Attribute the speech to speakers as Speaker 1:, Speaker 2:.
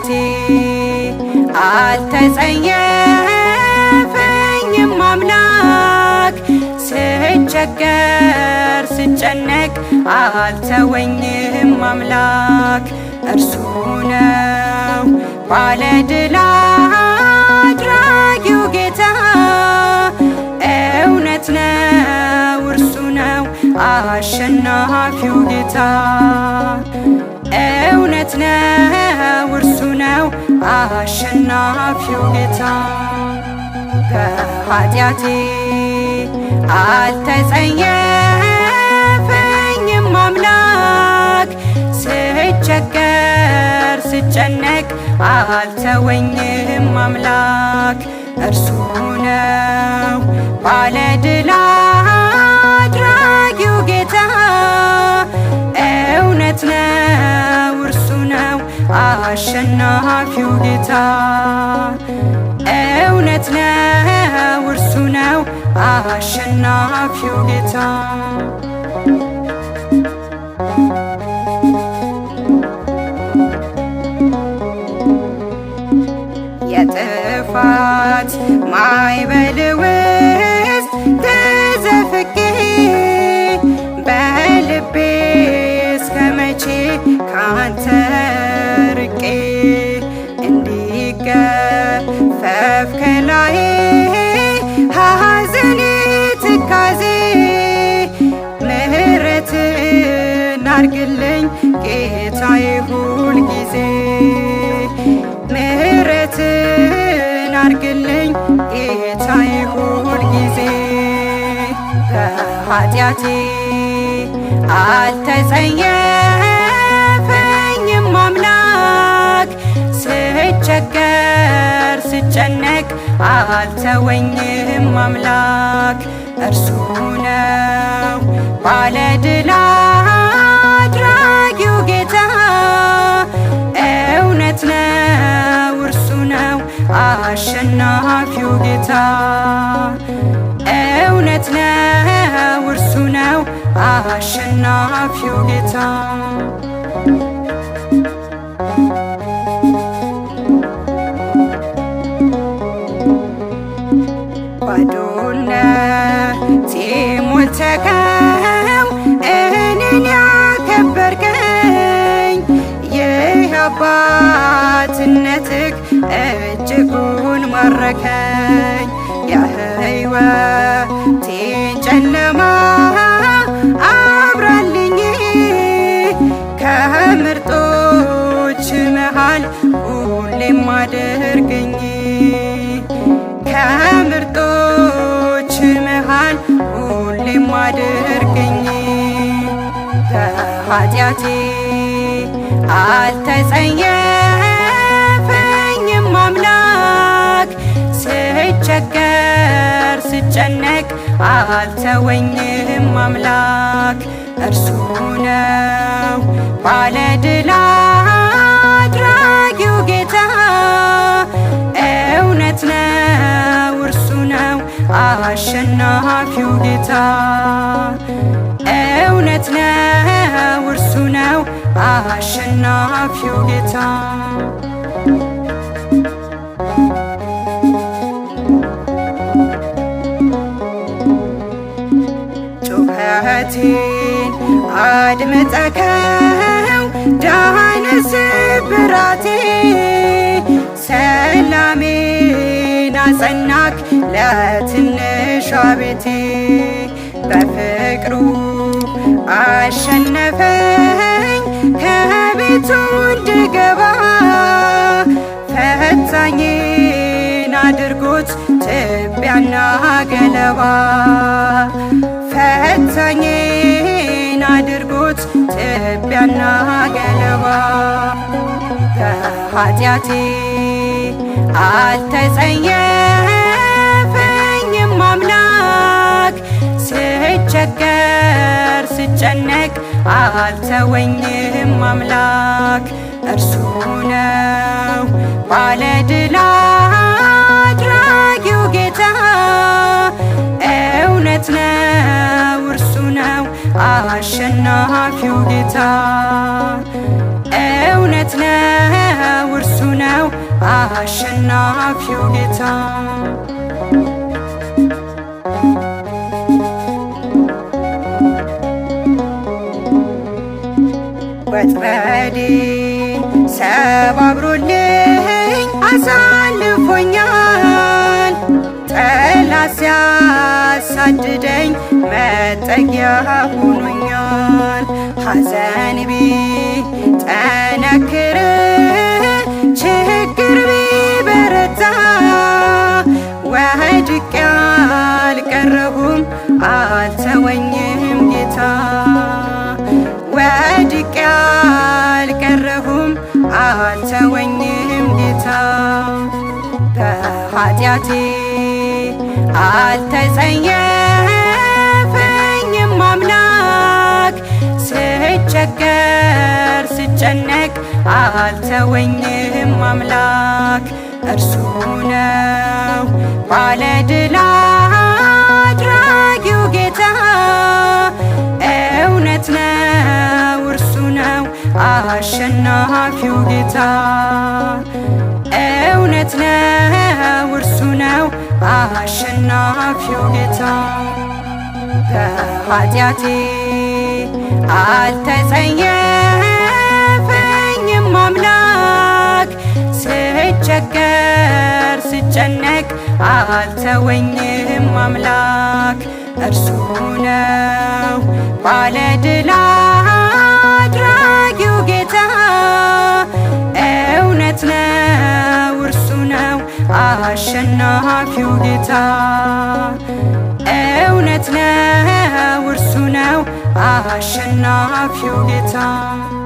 Speaker 1: በክፋቴ አልተጸየፈኝም አምላክ ስቸገር ስጨነቅ አልተወኝም አምላክ እርሱ ነው ባለ ድል አድራጊው ጌታ እውነት ነው እርሱ ነው አሸናፊው ጌታ እውነት ነው አሸናፊው ጌታ ከኃጢአቴ አልተጸየፈኝም አምላክ ስቸገር ስጨነቅ አልተወኝም አምላክ እርሱ ነው ባለድል አድራጊው ጌታ እውነት ነው አሸናፊው ጌታ እውነት ነው እርሱ ነው አሸናፊው ጌታ የጥፋት ማይበልው ጌታዬ ሁል ጊዜ ምሕረትን አርግልኝ ጌታዬ ሁል ጊዜ በኃጢአቴ አልተጸየፈኝም አምላክ ስቸገር ስጨነቅ አልተወኝም አምላክ እርሱ ነው ባለድላ አሸናፊው ጌታ እውነት ነው እርሱ ነው አሸናፊው ጌታ ባዶነት ሞልተኸው እኔን ያከበርከኝ ይህ አባ በቸርነትህ እጅጉን ማረከኝ። የሕይወቴን ጨለማ አብራልኝ ከምርጦች መሃል ሁሌም አድርገኝ ከምርጦች መሃል ሁሌም አድርገኝ በኃጢአቴ አልተጸየ ስጨነቅ አልተወኝም አምላክ እርሱ ነው ባለድል አድራጊው ጌታ እውነት ነው እርሱ ነው አሸናፊው ጌታ እውነት ነው እርሱ ነው አሸናፊው ጌታ ጩኸቴን አድምጠከው ዳነ ስብራቴ ሰላሜን አጸናክ ለትንሿ ቤቴ በፍቅሩ አሸነፈኝ ከቤቱ እንድገባ ፈታኝን አድርጎት ትቢያና ገለባ ፈታኝ ትቢያና ገለባ ከኃጢአቴ አልተጸየፈኝም አምላክ ስቸገር ስጨነቅ አልተወኝም አምላክ እርሱ ነው ባለ ድል አድራጊው ጌታ እውነት ነው እርሱ ነው አሸናፊው ጌታ እውነት ነው እርሱ ነው አሸናፊው ጌታ ወጥመዴ ሰባብሮልኝ አሳልፎኛል ጠላት የሚያሳድደኝ መጠጊያ ሆኖኛል። ሐዘን ቢጠነክር ችግር ቢበረታ ወድቄ አልቀረሁም፣ አልተወኝም ጌታ ወድቄ አልቀረሁም፣ አልተወኝም ጌታ በኃጢአቴ አልተጸየፈኝም አምላክ ስቸገር ስጨነቅ አልተወኝም አምላክ እርሱ ነው ባለ ድል አድራጊው ጌታ እውነት ነው እርሱ ነው አሸናፊው ጌታ እውነት ነው እርሱ ነው አሸናፊው ጌታ በኃጢአቴ አልተጸየፈኝም አምላክ ስቸገር ስጨነቅ አልተወኝም አምላክ እርሱ ነው ባለድላ አሸናፊው ጌታ እውነት ነው፣ እርሱ ነው አሸናፊው ጌታ